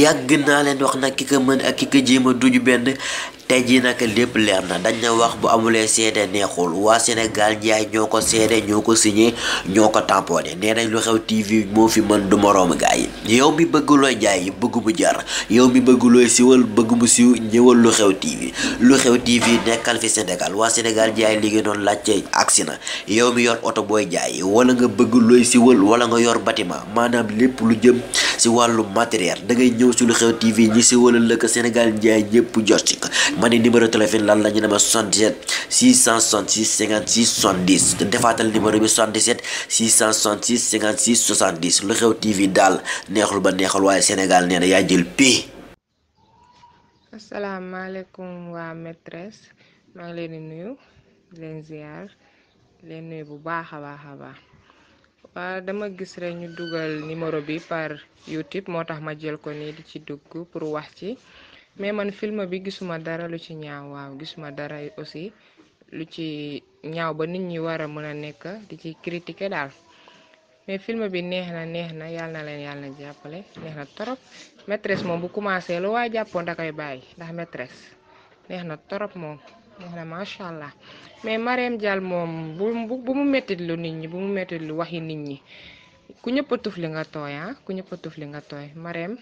yàgg naa leen wax nag ki ko mën ak ki ko jéem a duñu benn tey jii lépp leer na dañ na wax bu amulee seede neexul waa Sénégal njaay ñoo ko seede ñoo ko signé ñoo ko tamponné nee nañ lu xew TV moo fi mën du moroom gaa yi yow mi bëgg looy jaay bëgg mu jar yow mi bëgg siwal bëgg mu siw ñëwal lu xew TV lu xew TV nekkal fi Sénégal waa Sénégal njaay liggéey noonu laajte agsi na yow mi yor oto booy jaay wala nga bëgg looy siwal wala nga yor bâtiment maanaam lépp lu jëm si wàllu matériel da ngay ñëw si lu xew TV ñi siwalal la ko Sénégal njaay ñëpp jot si ma ne numéro téléphone lan la ñu ne ma 77 666 56 70 te defaatal numéro bi 77 666 56 70 lu xew TV daal neexul ba neexul waaye senegal nee na yaa jël pay. asalaamaaleykum waa maîtresse maa ngi leen nuyu di leen nuyu bu baax a baax a dama gis rek ñu dugal numéro bi par YouTube moo tax ma jël ko nii di ci dugg pour wax ci. mais man film bi gisuma dara lu ci ñaaw waaw gisuma dara aussi lu ci ñaaw ba nit ñi war a mën a nekk di ci critiquer daal mais film bi neex na neex na yàlla na leen yàlla na jàppale neex bu commencé lu waaye jàppoon da bàyyi ndax maîtresse neex na torop moom macha allah mais Marème Dial moom bu mu mettit lu nit ñi bu mu mettit lu waxi nit ñi ku ñëpp a li nga tooy ah, ku ñëpp a li nga tooy Marème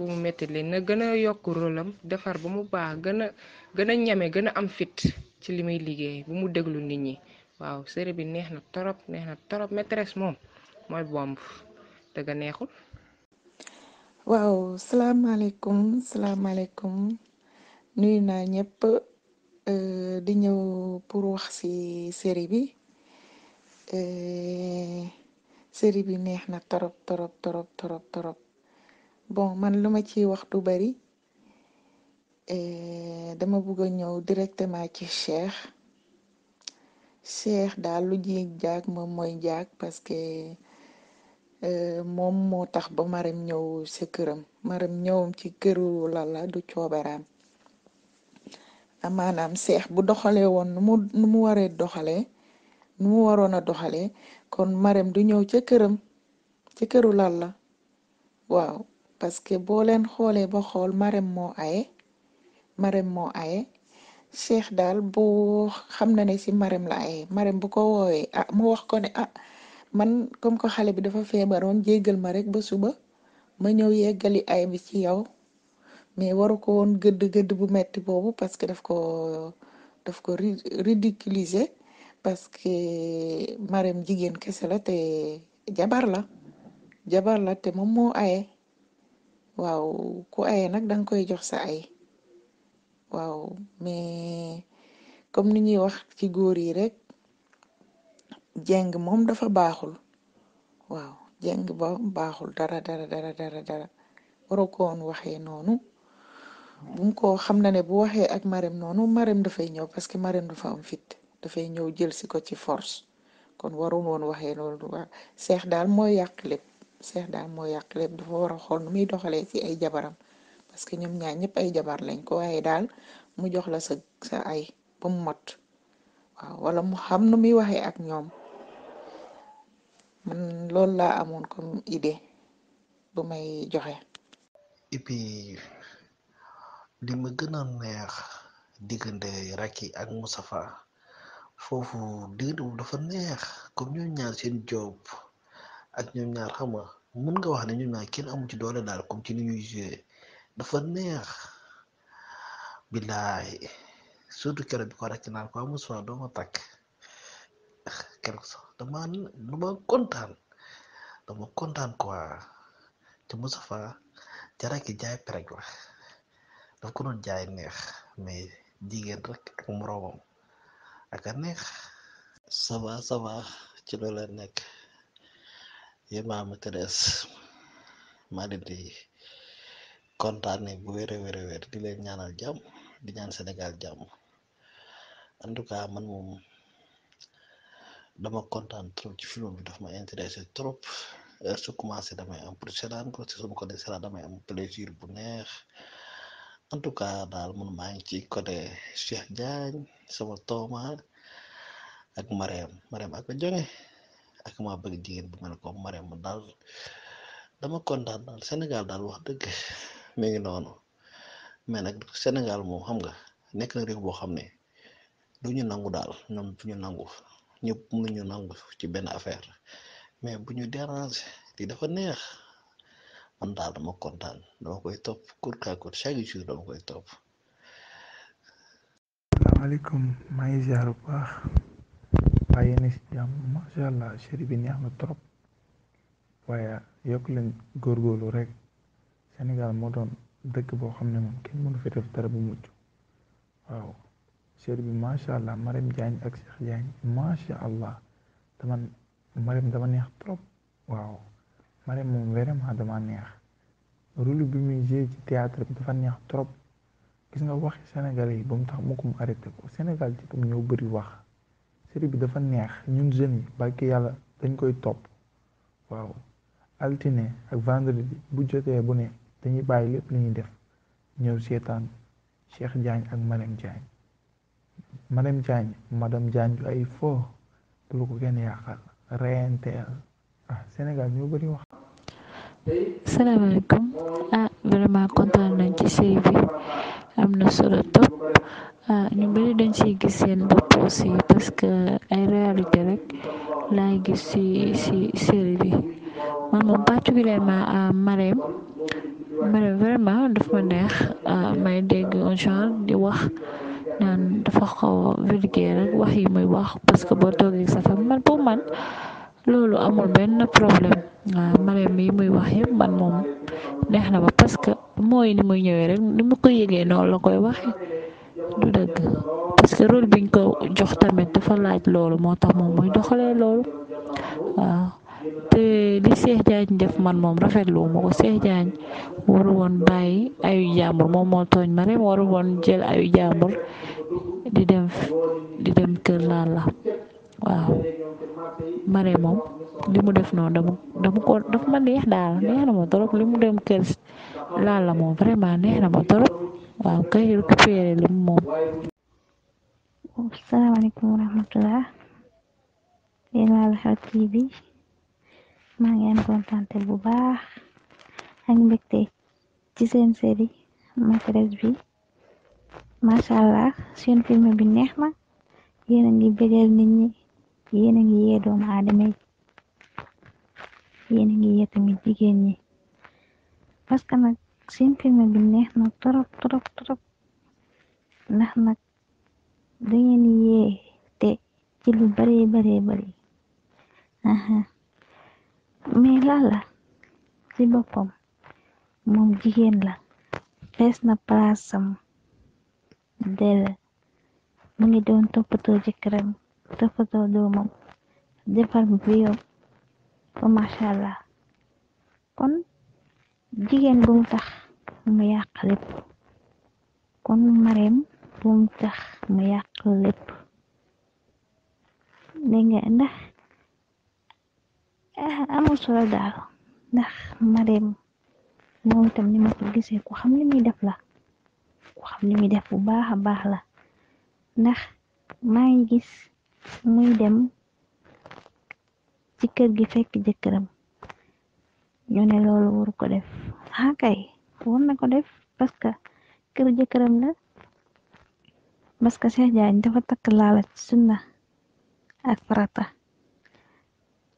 ku métti li na gën a yokk rôlam defar ba mu baax gën a gën a ñame gën a am fit ci li muy liggéey bu mu déglu nit ñi waaw série bi neex na torop neex na torop maîtresse moom mooy bomb dëgg neexul waaw salaamaaleykum salaamaaleykum nuyu naa ñëpp euh, di ñëw pour wax ci série bi euh, série bi neex na torop torop torop torop torop bon man lu ma ci wax du bari eh, dama bëgg a ñëw directement ci Cheikh Cheikh daal lu ji jaag moom mooy jaag parce que eh, moom moo tax ba maram ñëw sa këram maram ñëwum ci këru Lalla du coobaraam maanaam Cheikh bu doxalee woon nu mu waree doxalee nu mu waroon a doxalee kon maram du ñëw ci këram ci këru Lalla waaw parce que boo leen xoolee ba xool marem moo aye marem moo aye cheikh daal bu xam na ne si marem la aye marem bu ko woowee ah mu wax ko ne ah man comme ko xale bi dafa feebaroon jéggal ma rek ba suba ma ñëw yeggali ay bi ci yow mais waru ko woon gëdd gëdd bu metti boobu parce que daf ko daf ko ridiculiser parce que marem jigéen kese la te jabar la jabar la te moom moo aye waaw ku aye nag danga koy jox sa ay waaw mais comme ni ñuy wax ci góor yi rek jeng moom dafa baaxul waaw jeng ba baaxul dara dara dara dara dara waroo ko waxee noonu bu mu ko xam na ne bu waxee ak marem noonu marem dafay ñëw parce que marem dafa am fit dafay ñëw jël si ko ci force kon waru woon waxee noonu seex daal mooy yàq seex daal moo yàq lépp dafa xool nu muy doxalee ci ay jabaram parce que ñoom ñaar ñëpp ay jabar lañ ko waaye daal mu jox la sa ay ba mu mot waaw wala mu xam nu muy waxee ak ñoom man loolu laa amoon comme idée bu may joxe. et puis li ma gën a neex diggante Racky ak Moustapha foofu diggante bu dafa neex comme ñoo ñaar seen job ak ñoom ñaar xam nga mun nga wax ne ñoom ñaar kenn amu ci doole daal comme ci ni ñuy joué dafa neex billaay surtout keroog bi ko rek naan ko amul soit doo ma takk keroog sax dama dama kontaan dama kontaan te Moustapha jaraki jaay pereg la daf ko doon jaay neex mais jigéen rek ak moroomam ak neex ça va ça va ci loolu la nekk yéen waa Mercedes maa leen di kontaane bu wér a di leen ñaanal jàmm di ñaan Sénégal jàmm en tout cas man moom dama kontaan trop ci film bi daf ma intéressé trop euh, su commencé damay am pour seetaan ko si su ma damay am plaisir bu neex en tout cas daal man maa ngi ci côté Cheikh Diagne sama tooma ak Marème Marème ak a jonge ak maa bëgg jigéen bu mel ko Marème mu daal dama kontaan daal Sénégal daal wax dëgg mi ngi noonu mais nag Sénégal moom xam nga nekk na réew boo xam ne duñu nangu daal ñoom du ñu nangu ñëpp mënuñu nangu ci benn affaire mais bu ñu déranger lii dafa neex man daal dama kontaan dama koy topp court à court chaque jour dama koy topp. asalaamaaleykum maa ngi ziar yéen si jàmm macha allah série bi neex na trop waaye yokk leen góorgóorlu rek Sénégal moo doon dëkk boo xam ne moom kenn mënu fi def bu mucc waaw série bi macha allah Marème Diagne ak Cheikh Diagne macha allah dama Marème dama neex trop waaw Marème moom vraiment dama neex rôle bi mu joué ci dafa neex trop gis nga waxi Sénégalais yi ba mu tax mu ko mu arrêté ko Sénégal ci tam wax. série dafa neex ñun jeunes yi barki yàlla dañ koy topp waaw altine ak vendredi bu jotee bu ne dañuy bàyyi lépp li ñuy def ñëw seetaan Cheikh Diagne ak Marème Diagne Marème Diagne madame ay fo lu ko kenn yàqal reyanteel ah Sénégal ñoo bëri wax salaamaaleykum ah vraiment kontaan nañ ci série am na solo top ah ñu bari dañ ci gis seen bopp aussi parce que ay réalité rek laay gis si si série bi man moom particulièrement ah, Marème Marème vraiment daf ma neex ah, may dégg un genre di wax naan dafa xaw vulgaire rek wax yi muy wax parce que boo toogee sa fam man pour man loolu amul benn problème waaw ah, Marème yi muy wax yëpp man moom neex na ma parce que mooy ni muy ñëwee rek ni mu ko yëgee noonu la koy waxee. du dëgg parce que rôle ko jox tamit dafa laaj loolu moo tax moom muy doxalee loolu waaw te li Cheikh Diagne def man moom rafetlu ma ko Cheikh Diagne waru woon bàyyi ayu jàmbur moom moo tooñ ma waru woon jël ayu jàmbur di dem di dem kër laal la waaw mare moom li mu def noonu dama dama ko daf ma neex daal neex na ma torop li mu dem kër laal la moom vraiment neex na ma torop waaw kay récupéré lu moom asalaamaaleykum wa rahmatullah yéen waa Lu TV maa ngi am kontante bu baax ak mbégte ci seen série Maîtresse bi macha allah seen film bi neex na yéen a ngi bégal nit ñi yéen a ngi yee doomu aadama yi yéen a ngi yee tamit jigéen ñi تقسيم كلمة بان احنا الطرب طرب طرب ان احنا دين ياه تقتل بري بري بري اها melala ci boppam moom jigéen la fees na palaasam del mu ngi doon toppatoo jëkkëram toppatoo doomam defar biyom ba macha allah kon jigéen bum tax mu yàq lépp kon mareem bum tax mu yàq lépp dégg nga ndax eh, amul solo daal ndax mareem moom itam ni ma ko gisee ku xam li muy def la ku xam li muy def bu baax a baax la ndax maa ngi gis muy dem ci kër gi fekk jëkkëram ñu ne loolu waru ko def ah kay war na ko def parce que kër jëkkëram la parce que Cheikh dafa takk laala ci sunna ak farata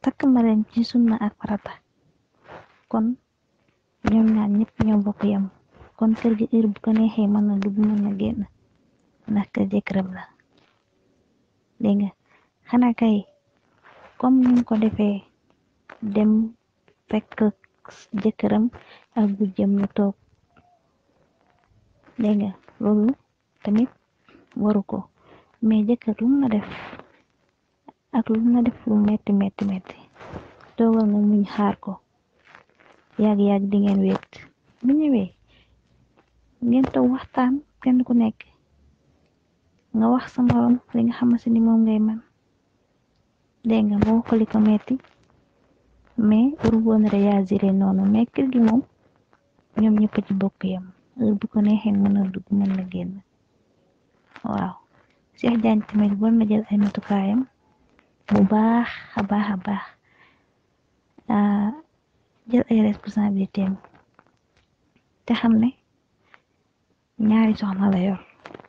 takk mareen ci sunna ak farata kon ñoom ñaar ñëpp ñoo bokk yam kon kër gi heure bu ko neexee mën na dugg mën na génn ndax kër jëkkëram la dégg nga xanaa kay comme ni ko defee dem fekk. jëkkëram ak bu jëm toog dégg loolu tamit waru ko mais jëkkër lu na def ak lu na def lu metti metti metti toogal na muñ xaar ko yàgg yàgg di ngeen wéet bu ñëwee ngeen toog waxtaan kenn ku nekk nga wax sa morom li nga xamante ni moom ngay man dégg nga moo ko mais wur woon réagiré noonu mais kër gi moom ñoom ñëpp bokk yam heure bu ko neexee mën a dugg mën na génn waaw Cheikh Diagne tamit bon na jël ay matukaayam bu baax a baax a baax ah, jël ay responsabilité am te xam ne ñaari soxna la yor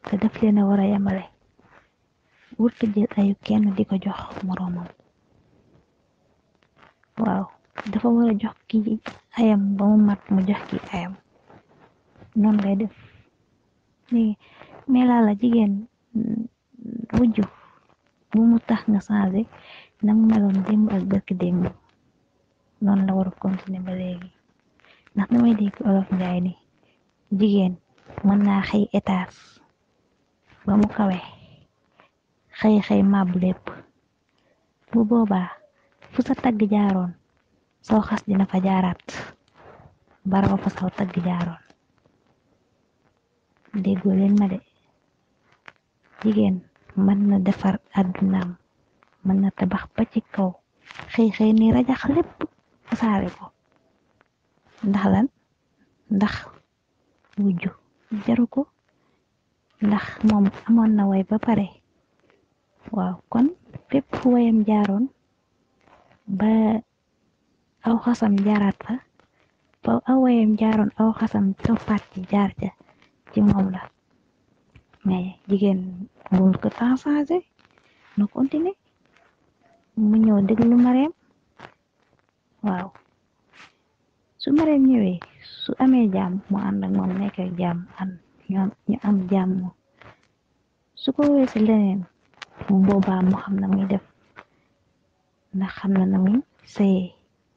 te daf leen a war a yemale wurtu jël ayu kenn di ko jox moroomam waaw dafa war a jox ki ayam ba mu mat mu jox ki ayam noonu lay def léegi melaa la jigéen wujju bu mu tax nga changé nam meloon démb ak bërki démb la war a continuer ba léegi ndax damay dégg olof njaay ni jigéen mën naa xëy étage ba mu kawe xëy xëy màbb lépp bu fu sa tagg jaaroon saw xas dina fa jaaraat baraba fa saw tagg jaaroon déggoo leen ma de jigéen mën na defar àddunaam mën na tabax ba ci kaw xëy xëy ni rajax lépp fasaare ko ndax lan ndax wujju jaru ko ndax moom amoon na way ba pare waaw kon fépp fu wayam jaaroon ba aw xasam jaraat fa ba aw wayam jaaroon aw xasam toppaat ci jaar ja ci mom la mais jigéen bul ko temps changé nu continuer mu ñëw déglu mareem waaw su mareem ñëwee su amee jàmm mu ànd ak moom nekk jàmm ànd ñu am jàmm su ko weesi leneen boobaa mu xam na muy def ndax xam na na muy sëyee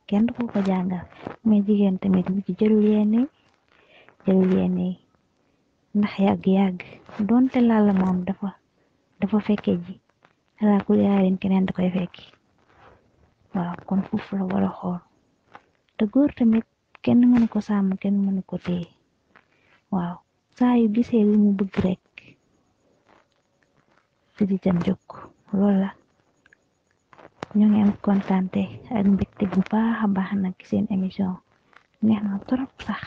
kenn du ko ko jàngal mais jigéen tamit bu ci jëlul yenni ndax yàgg-yàgg donte lalla moom dafa dafa fekke ji ala ku yaarin keneen da koy fekki waw kon foofu la wala xool te góor tamit kenn mënu ko sàmm kenn mënu ko téye waaw saa yu gisee li mu bëgg rek si jam jóg loolu la ñoo ngi am kontante ak mbégte bu baax a baax nag seen émission neex na trop sax.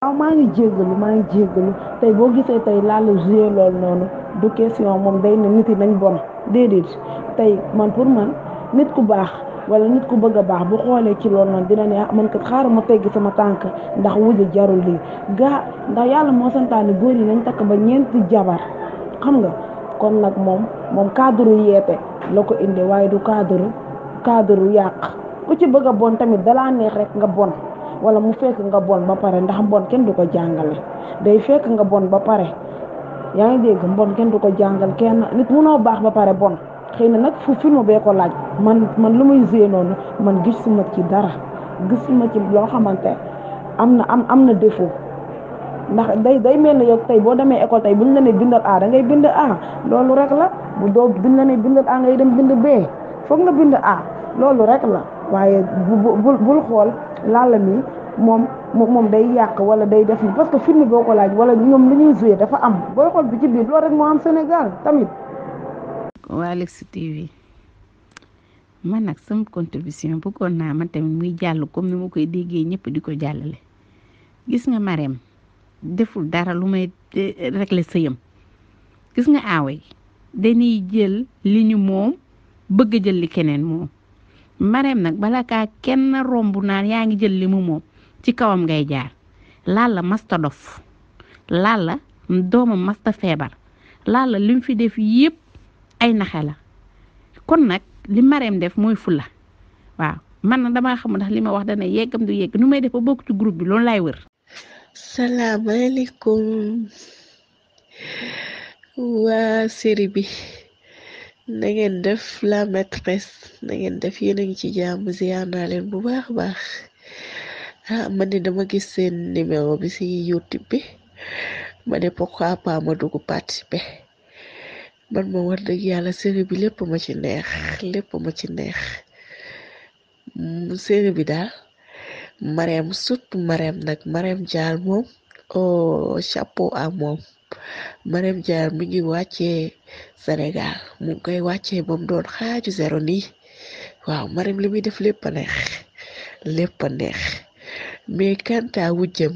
waaw maa ngi jéggalu maa ngi jéggalu tey boo gisee tey laal joué lool noonu du question moom day na nit yi nañ bon déedéet tey man pour man nit ku baax wala nit ku bëgg a baax bu xoolee ci loolu noonu dina ne man kat xaaral ma teggi sama tànk ndax wuja jarul lii gaa ndax yàlla moo santaane góor yi nañ takk ba ñeenti jabar xam nga kon nag moom moom cadre yeete la ko indi waaye du cadre cadre yàq ku ci bëgg a bon tamit dalaa neex rek nga bon wala mu fekk nga bon ba pare ndax bon kenn du ko jàngale day fekk nga bon ba pare yaa ngi dégg bon kenn du ko jàngal kenn nit mu noo baax ba pare bon xëy na nag fu film bee ko laaj man man lu muy gérer noonu man gisuma ci dara gisuma ci loo xamante am na am am na défaut. ndax day day mel ne yow tey boo demee école tey buñ la ne bindal A dangay bind A loolu rek la bu doo buñ ne bindal A ngay dem bind B foog nga bind A loolu rek la waaye bu bul xool laala mi moom moom day yàq wala day def parce que film boo ko laaj wala ñoom li ñuy joué dafa am booy xool bi ci biir loolu rek moo am Sénégal tamit. waa Luxe TV man nag sama contribution bëggoon naa ma tamit muy jàll comme ni ma koy déggee ñëpp di ko jàllale gis nga Marème deful dara lu may eh, régler sëyam gis nga aawe yi jël li ñu moom bëgg jël li keneen moom mareem nag bala kaa kenn romb naan yaa ngi jël li mu moom ci kawam ngay jaar la masta dof Lalla doomam masta feebar Lalla lim fi def yépp ay naxe la kon nag li mareem def mooy fula waaw man na damaa xam ndax li ma wax dana yeggam du yegg nu may def ba bokk ci groupe bi loolu lay wér salaamaaleykum waa séribi bi na ngeen def la maîtresse na ngeen def yéen a ngi ci jàmm ziar naa leen bu baax baax ah man dama gis seen numéro bi si youtube bi ma ne pourquoi pas ma dugg participer man ma war dëgg yàlla séribi bi lépp ma ci neex lépp ma ci neex série bi daal. Marème surtout Marème nag Marème Dial moom oh chapeau à moom Marème Dial mi ngi wàccee Sénégal mu ngi koy wàccee ba mu doon xaaju zéro nii waaw Marème li muy def lépp a neex lépp a neex mais kanta wujjam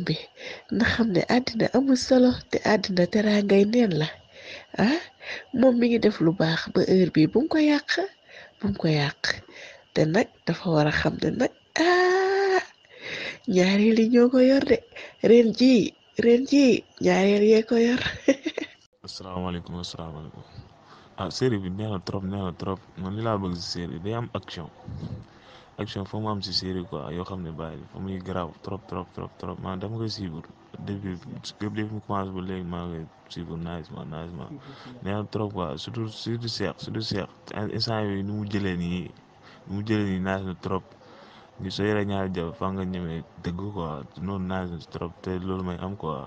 na xam ne àddina amul solo te àddina teraangay neen la ah moom mi ngi def lu baax ba heure bi bu mu ko yàq bu mu ko yàq te nag dafa war a xam ne nag ah, ñaareeli ñoo ko de ren jii ren jii ñaareel yee ko yor. asalaamaaleykum bi ah, neex na trop neex trop man li laa bëgg si série day am action action foo am si série quoi yoo xam ne bàyyi fa muy garaaw trop trop trop trop man dama koy suivre depuis depuis mu commencé ba léegi maa ngi koy suivre naajement naajement neex trop quoi surtout surtout Cheikh surtout Cheikh mu jëlee nii ni mu jëlee nii naaj trop. ngi soo yore ñaari jabar fa nga ñemee dëgg quoi noonu naaj trop te loolu may am quoi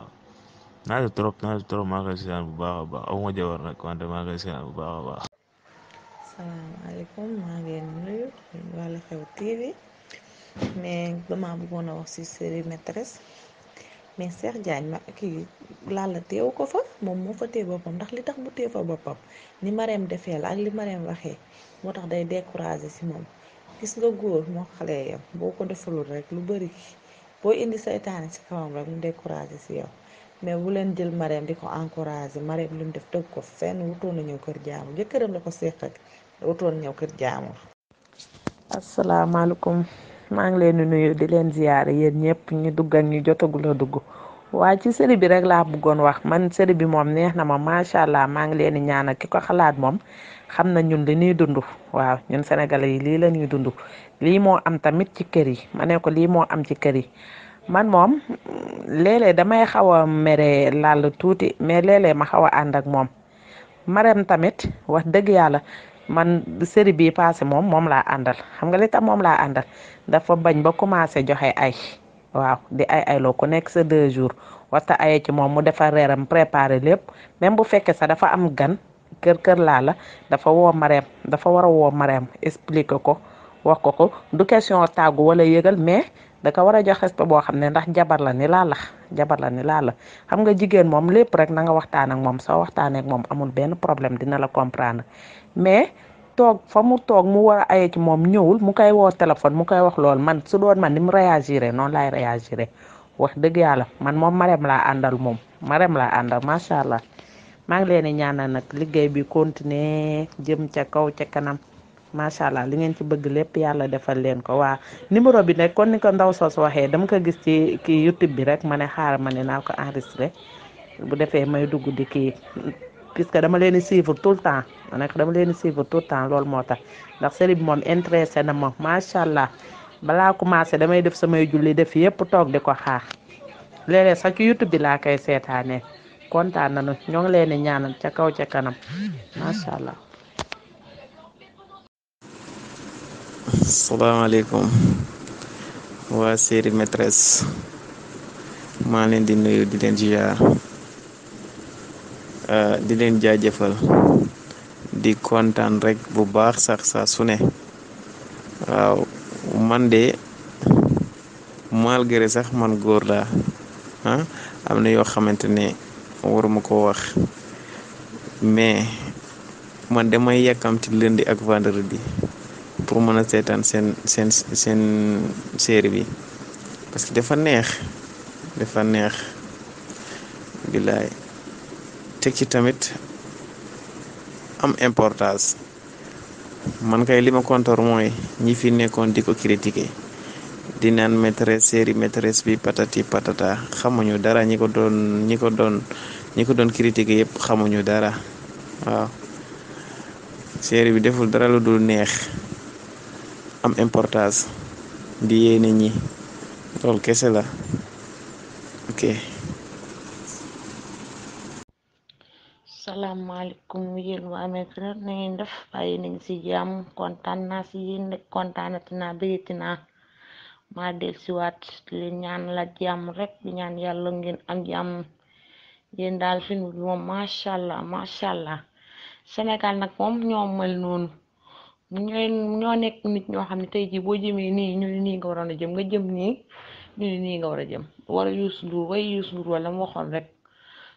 naaj trop trop maa koy seetaan bu baax a baax aw jabar nag wante maa koy seetaan bu baax a baax. salaamaaleykum maa ngi leen nuyu Xew TV mais dama bëggoon a wax ci série maîtresse mais Cheikh Diagne ma kii Lalla teewu ko fa moom moo fa téye boppam ndax li tax mu téye fa boppam ni Marème defee la ak li Marème waxee moo tax day découragé ci moom. gis nga góor moo xale yow boo ko defalul rek lu bëri boo indi saytaane ci kawam rek mu découragé ci yow mais bu leen jël mareem di ko encouragé mareem lu mu def dëgg ko fenn wutoon na ñëw kër jaamur jëkkëram la ko séq ak wutoon ñëw kër jaamur asalaamaaleykum maa ngi leen di nuyu di leen ziyaare yéen ñëpp ñu dugg ak ñu jotagul a dugg waaye ci série bi rek laa bëggoon wax man série bi moom neex na ma macha allah maa ngi leen di ñaanal ki ko xalaat moom xam na ñun li ñuy dundu waaw ñun sénégalais yi lii la ñuy dund lii moo am tamit ci kër yi ma ne lii moo am ci kër yi man moom léeg damay xaw a mere làll tuuti mais léeg ma xaw a ànd ak moom marem tamit wax dëgg yàlla man série bii passé moom moom laa àndal xam nga li moom laa àndal dafa bañ ba commencé joxe ay waaw di ay ay loo ku nekk sa deux jours waxta aye ci moom mu defar reeram préparé lépp même bu fekkee sax dafa am gan kër kër laa la dafa woo Marème dafa war a woo Marème expliquer ko wax ko ko du question tàggu wala yëgal mais daka ko war a jox respect boo xam ne ndax jabar la ni laa la jabar la ni laa xam nga jigéen moom lépp rek na nga waxtaan ak moom soo waxtaanee ak moom amul benn problème dina la comprendre mais toog fa mu toog mu war a aye ci moom ñëwul mu koy woo téléphone mu koy wax lool man su doon man ni mu réagiré noonu laay réagiré wax dëgg yàlla man moom Marème laa àndal moom Marème laa àndal macha allah. maa ngi leen di ñaanal nag liggéey bi continuer jëm ca kaw ca kanam macha allah li ngeen ci bëgg lépp yàlla defal leen ko waa numéro bi nag kon ni ko ndaw soos waxee dama ko gis ci kii youtube bi rek ma ne xaaral ma ne naa ko enregistré bu defee may dugg di kii puisque dama leen di tout le temps ma ne dama leen di tout le temps lool moo tax ndax série bi moom intéressé na ma macha allah balaa commencé damay def samay julli def yëpp toog di ko xaax léeg-léeg sax ci laa koy seetaanee. kontaan nañu ñoo ngi leen di ñaanal ca kaw ca kanam macha allah. salaamaaleykum waa série maîtresse maa leen di nuyu di leen ziar ah, di leen jaajëfal di kontaan rek bu baax sax saa su ne waaw man de malgré sax man góor laa ah, am na yoo xamante ne waruma koo wax mais man damay yàkkamti lundi ak vendredi pour mën a seetaan seen seen seen série bi parce que dafa neex dafa neex bilaay teg ci tamit am importance man kay li ma kontor mooy ñi fi nekkoon di ko critiquer di naan maîtresse série bi patati patata xamuñu dara ñi ko doon ñi ko doon ñi ko doon critiquer yëpp xamuñu dara waaw série bi deful dara lu dul neex am importance di yéene ñi loolu kese la ok. salaamaaleykum yéen waa Mekneur na ngeen def bàyyi nañ si jàmm kontaan naa si ma del siwaat ñaan la jàmm rek ñaan yàlla ngeen am jàmm yéen daal film bi moom macha allah macha allah Sénégal nag moom ñoo mel noon ñooy ñoo nekk nit ñoo xam ne tey jii boo jëmee nii ñu nii nga waroon a jëm nga jëm nii ñu ne nii nga war a jëm war a Youssou Ndour way Youssou wala ma waxoon rek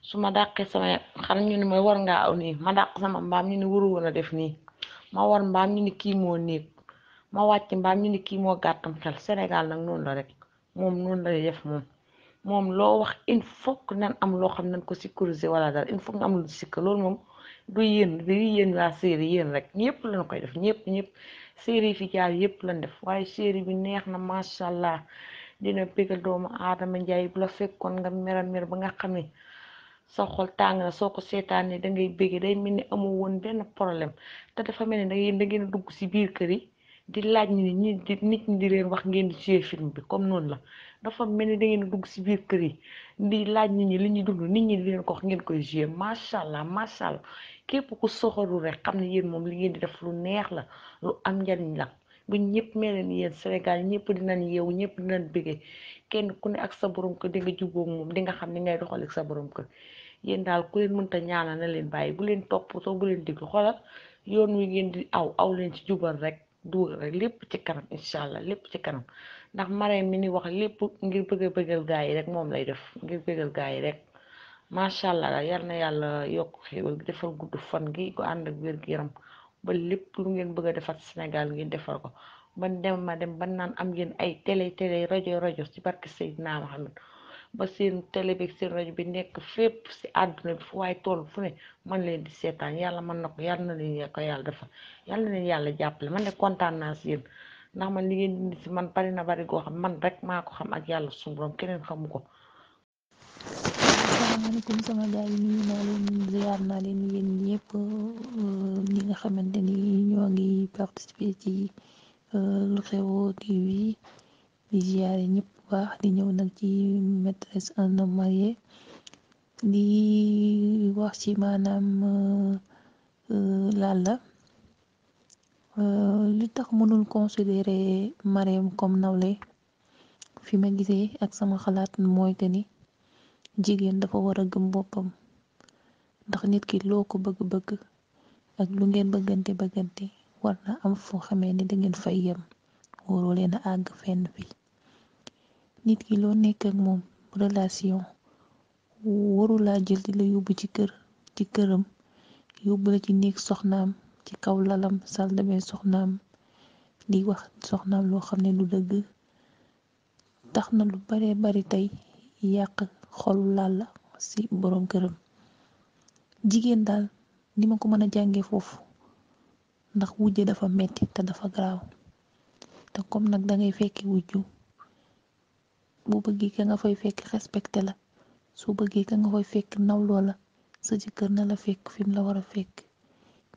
su ma dàqee sama xar ñu ne war ngaa aw ma dàq sama mbaam ñu ne waru a def nii ma war mbaam ñu ne kii ma wàcc mbaam ñu ni kii moo gàttam xel Sénégal nag noonu la rek moom noonu lay def moom moom loo wax il faut nan am loo xam nan ko sécuriser wala dara il faut nga am lu sikka loolu moom du yéen li yéen waa yéen rek ñëpp lañ koy def ñëpp ñëpp série fi jaar yëpp lañ def waaye série bi neex na macha allah dina bégal doomu aadama njaay bu nga meral mer ba nga xam ne sa xol tàng soo ko seetaanee da ngay bége day mel ni amoo woon benn problème te dafa mel ni da ngeen da ngeen dugg si biir kër yi di laaj ni ñi nit ñi di leen wax ngeen jouer film bi comme noonu la dafa mel ni dangeen ngeen dugg si biir kër yi ndi laaj nit ñi li ñuy dund nit ñi di leen ko ngeen koy jouer macha allah macha allah képp ku soxoru rek xam ne yéen moom li ngeen di def lu neex la lu am njariñ la bu ñëpp mel ni yéen Sénégal ñëpp dinañ yeewu ñëpp dinañ bëggee kenn ku ne ak sa borom ko di nga moom di nga xam ni ngay doxolek sa borom ko yéen daal ku leen mënta ñaanal na leen bàyyi bu leen toppatoo bu leen déglu xoolal yoon wi ngeen di aw aw leen ci jubal rek. duur rek lépp ci kanam incha allah lépp ci kanam ndax Marème mi ni wax lépp ngir bëgg a bëggal yi rek moom lay def ngir bëggal gaa yi rek macha allah yal na yàlla yokk xéwal gi gudd fon gi ko ànd ak wér gu yaram ba lépp lu ngeen bëgg a defar Sénégal ngeen defar ko ban dem ma dem ban naan am ngeen ay tele télé rajo rajo ci barke Seydina Mohamed ba seen télé bi rajo bi nekk fépp si àdduna bi fu waaye toll fu ne man leen di seetaan yàlla man na ko yàlla na leen ko yàlla defal yàlla na leen man ne kontaan naa si yéen ndax man li ngeen man bari na bari goo xam man rek maa ko xam ak yàlla suñu borom keneen xamu ko. asalaamaaleykum sama gars yi nuyu naa leen leen yéen ñëpp euh, ñi nga xamante ni ñoo ngi participer ci euh, lu xew TV di ñëpp. baax di ñëw nag ci maîtresse un homme marié di wax ci maanaam euh, euh, Lalla euh, li tax mënul considérer Marème comme nawle fi ma gisee ak sama xalaat mooy que ni jigéen dafa war a gëm boppam ndax nit ki loo ko bëgg-bëgg ak lu ngeen bëggante bëggante war na am foo xamee ni dangeen fay yem leen a àgg fenn fi nit ki loo nekk ak moom relation warulaa jël di la yóbbu ci kër ci këram yóbbu la ci néeg soxnaam ci kaw lalam salle soxnaam di wax soxnaam loo xam ne du dëgg tax na lu bare bari tey yàq xolu lalla ci boroom këram jigéen daal ni ma ko mën a jànge foofu ndax wujje dafa metti te dafa garaaw te kom nag dangay fekki wujju boo bëggee ka nga fay fekk respecté la soo bëggee ka nga fay fekk nawloo la sa jëkkër na la fekk fi la war a fekk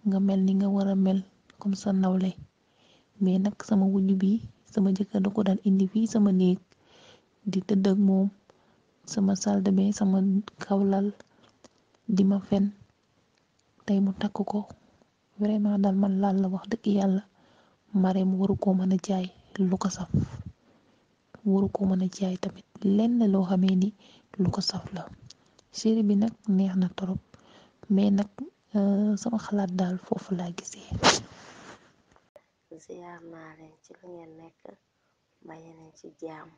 nga mel ni nga war a mel comme sa nawle mais nag sama wujj bi sama jëkkër da ko dal indi fii sama néeg di tëdd moom sama salle de bain sama kawlal di ma fen tey mu takk ko vraiment dal man lal la wax dëgg yàlla mu waru ko mën a jaay lu ko saf waru ko mën a jaay tamit lenn loo xamee ni lu ko saf la série bi nag neex na trop mais nag euh, sama xalaat daal foofu laa gisee. ziar naa leen ci li ngeen nekk bàyyi nañ ci jàmm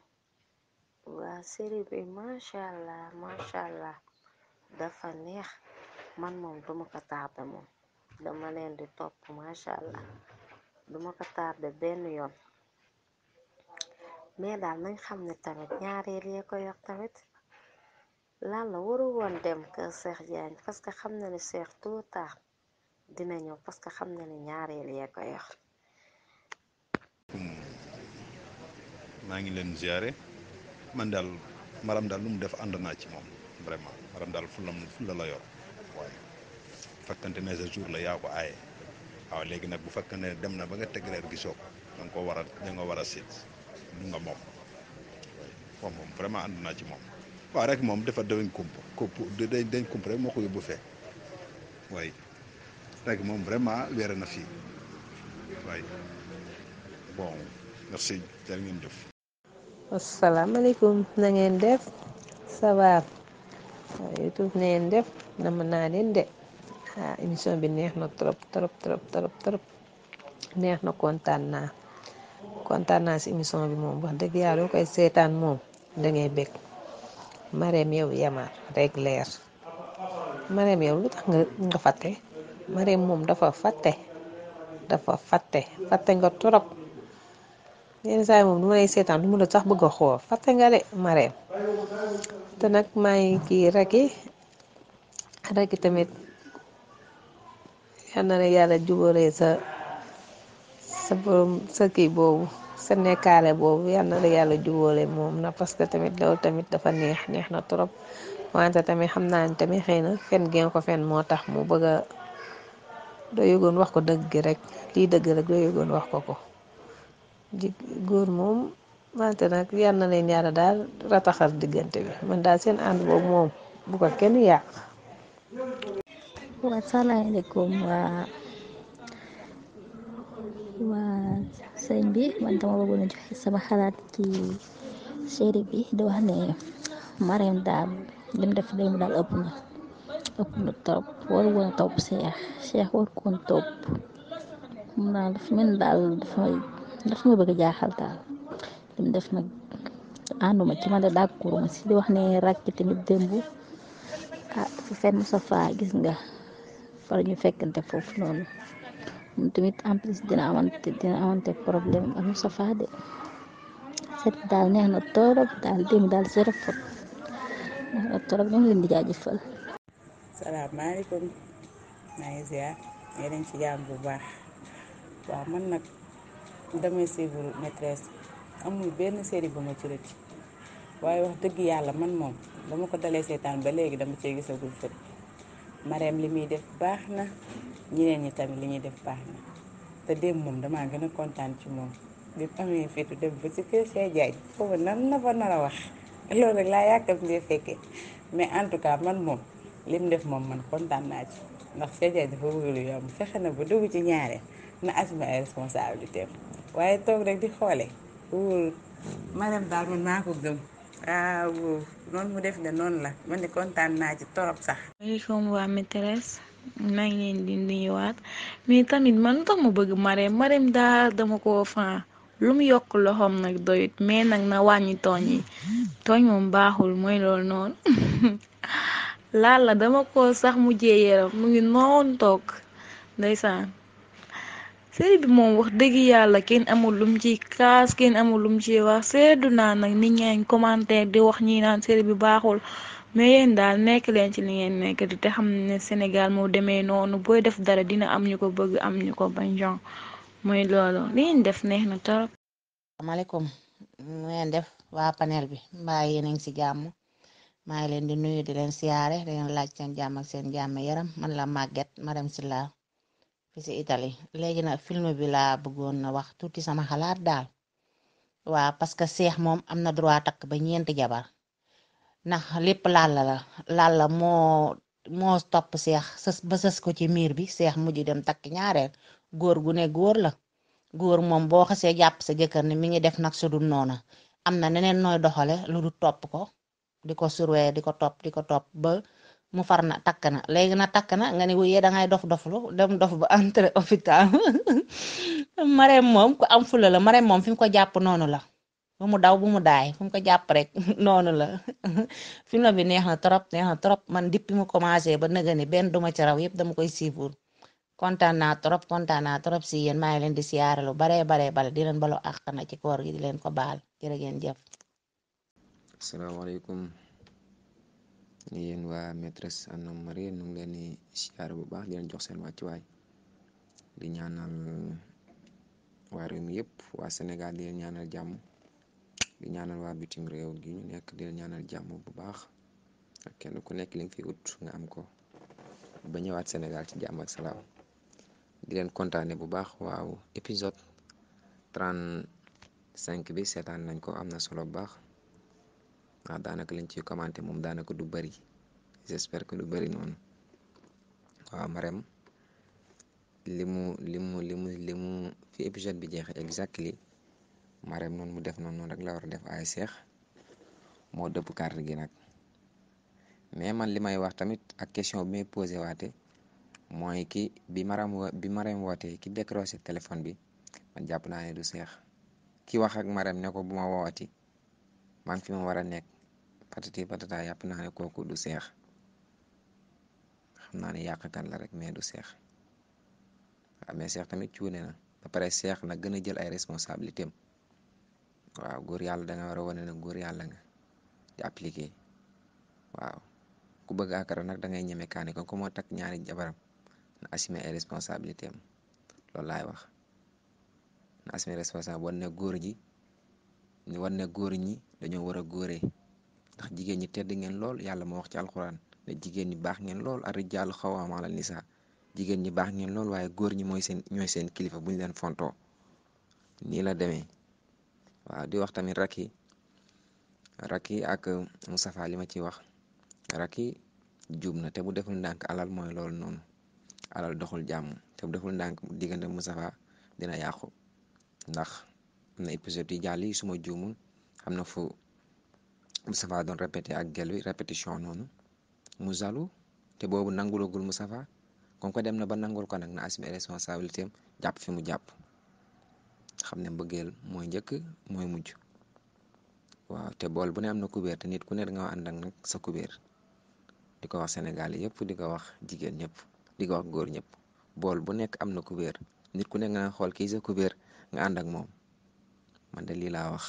waa série bi macha allah macha allah dafa neex man moom duma ko tardé moom dama leen di topp macha allah duma ko tardé benn yoon. mais daal nañ xam ne tamit ñaareel yee ko yor tamit Lalla waru woon dem kër Cheikh Diagne parce que xam na ne Cheikh tôt tard dina ñëw parce que xam na ne ñaareel yee ko yor. maa ngi leen ziare man daal maram daal lu mu def ànd naa ci moom vraiment maram daal fulam fula la yor waaye fekkante ne sa jour la yaa ko aaye waaw léegi nag bu fekkante ne dem na ba nga teg reer gisoo ko da nga ko war a da seet du nga moom waaw moom vraiment ànd naa ci moom waaw rek moom dafa dañ kump kump dañ kump rek moo ko yóbbu fee waaye rek moom vraiment weere na fii waaye bon merci jërë ngeen jëf. asalaamaaleykum na ngeen def ça va tuut na ngeen def nam naa leen de ah émission bi neex na trop trop trop trop trop neex na kontaan naa. kontaan naa si émission bi moom wax dëgg yàlla koy seetaan moom dangay bëgg Marème yow yamaar rek leer Marème lu tax nga nga fàtte moom dafa fatte dafa fàtte fàtte nga torop yenn saa yi moom du ma lay seetaan du ma la sax bëgg a xool fàtte nga de Marème te nag maa kii raki raki tamit yal na la yàlla jubalee sa sa borom sa kii boobu sa nekkaale boobu yal na la yàlla jubóole moom na parce que tamit loolu tamit dafa neex neex na trop wante tamit xam naa ne tamit xëy na fen geen ko fen moo tax mu bëgg a doo wax ko dëgg rek lii dëgg rek doo wax ko ko ji moom wante nag yal na leen yàlla daal rataxal diggante bi man daal seen ànd boobu moom bu kenn yàq. waa waa sëñ bi man dama bëggoon a joxe sama xalaat ci série bi di wax ne Marème daal lim def léegi daal ëpp na ëpp na trop war woon a topp Cheikh Cheikh war koon topp mun naa daf mel daal daf may daf bëgg a jaaxal daal lim def nag ànduma ci man de ma si di wax ne rakk tamit démb ah fi fenn sa faa gis nga par ñu fekk fekkante foofu noonu. moom tamit en plus dina amante dina amante problème ak Moustapha de seet daal neex na torop daal démb daal zéro faute neex na torop ñu ngi leen maa ngi ziar yéen ci jàmm bu baax waaw man nag damay suivre maîtresse amul benn série bu ma ci rëcc waaye wax dëgg yàlla man moom dama ko dalee seetaan ba léegi dama cee gisagul fët mareem li muy def baax na. ñeneen ñi tamit li ñuy def baax na te démb moom damaa gën a kontaan ci moom bi amee fitu dem ba si kër Cheikh foofu nan na fa nar a wax loolu rek laa yàkkal ndee fekkee mais en tout cas man moom lim def moom man kontaan naa ndax Cheikh Diagne dafa bëgg lu yomb fexe ba dugg ci ñaare na assumer ay responsabilité waaye toog rek di xoole wóorul daal man maa ko gëm waaw noonu mu def de noonu la man ne kontaan naa ci torop sax. bonjour waa maîtresse. maa ngi leen di mais tamit man tax ma bëgg Marème Marème daal dama ko fan lu mu yokk loxoom nag doyut mais nag na wàññi tooñ yi tooñ moom baaxul mooy loolu noonu laala dama ko sax mujjee yaram mu ngi noonu toog ndeysaan série bi moom wax dëgg yàlla kenn amul lum ci kaas kenn amul lum ci wax seddu naa nag nit ñaa ngi commentaire di wax ñi naan série bi baaxul mais yéen daal nekk leen ci li ngeen nekk di te xam ne Sénégal moo demee noonu booy def dara dina am ñu ko bëgg am ñu ko bañ jon mooy loolu li ngeen def neex na torop asalaamaaleykum nu ngeen def waa panel bi mbaa yéen a ngi ci jàmm maa ngi leen di nuyu di leen siyaare di laaj seen jàmm ak seen jàmm yaram man la Maguette Marème Sylla fi si itali léegi na film bi laa bëggoon na wax tuuti sama xalaat daal waa parce que seex moom am na droit takk ba ñeenti jabar ndax lépp lalla la lalla moo moo topp seex sës ba sës ko ci miir bi seex mujj dem takk ñaareel góor gu ne góor la góor moom boo xasee jàpp sa jëkkër ni mi ngi def nag su dul noona am na neneen nooy doxale lu du topp ko di ko surwee di ko topp di ko topp ba mu far na takk na léegi na takk na nga ne wuyee dangay dof doflu dem dof ba entré hôpital Marème moom ku am fula la Marème moom fi mu ko jàpp noonu la bu mu daw bu mu daay fu ko jàpp rek noonu la film bi neex na trop neex na trop man depuis mu commencé ba nëga ni benn duma ci raw yëpp dama koy siifuur kontaan naa trop kontaan naa trop si yéen maa leen di siyaare lu baree bare bale di leen balu àq na ci koor gi di leen ko baal jërë ngeen jëf asalaamaaleykum yéen waa maîtresse d'un homme marié nu ngi leen bu baax di leen jox seen wàccuwaay di ñaanal waa réew yëpp waa Sénégal di ñaanal jàmm di ñaanal waa bitim réew gi ñu nekk di ñaanal jàmm bu baax kenn ku nekk li nga fi ut nga am ko ba ñëwaat Sénégal ci jàmm ak salaam di leen kontaane bu baax waaw épisode cinq bi seetaan nañ ko am na solo bu baax waaw daanaka liñ ciy commenté moom daanaka du bari j'espère que du bëri noonu waaw Marème li mu li mu li mu li mu fi épisode bi jeexee exactly mareem noonu mu def noonu noonu rek la war a def ay seex moo dëpp kar gi nag mais man li may wax tamit ak question bi may posé waate mooy ki bi maram bi mareem wootee ki décroché téléphone bi man jàpp naa ne du seex ki wax ak mareem ne ko bu ma woowati maa fi ma war a nekk patati patata yàpp naa ne kooku du seex xam naa ne yàqkan la rek mais du seex waaw ah, mais seex tamit cuune na ba pare seex na gën a jël ay responsabilités am waaw góor yàlla danga war a wane ne góor yàlla nga di appliqué waaw ku bëgg akara nag dangay ngay ñeme kaani kon ku moo takk ñaari jabaram na assumé ay responsabilité am loolu laay wax na assumé responsabilité góor ji wan ne góor ñi dañoo war a góoree ndax jigéen ñi tedd ngeen lool yàlla moo wax ci alxuraan ne jigéen ñi baax ngeen lool ar-rijaalu qawwaamuuna ala nisaa jigéen ñi baax ngeen lool waaye góor ñi mooy seen ñooy seen kilifa bu ñu leen fontoo nii la demee waaw di wax tamit rakki rakki ak Moustapha li ma ciy wax rakki juum na te bu deful ndànk alal mooy lool noonu alal doxul jàmm te bu deful ndànk diggante Moustapha dina yàqu ndax am na épisode yi suma juumul xam na fu Moustapha doon répété ak gel wi répétition noonu mu zalu te boobu nangulagul Moustapha comme ko dem na ba nangul ko nag na assumer responsabilité am jàpp fi mu jàpp xam ne mbëggeel mooy njëkk mooy mujj waaw te bool bu ne am na kubéer te nit ku ne da nga ànd ak nag sa kubéer di ko wax Sénégal yëpp di ko wax jigéen ñépp di ko wax góor ñépp bool bu nekk am na kubéer nit ku nekk nga xool kii sa kubéer nga ànd ak moom man de lii laa wax.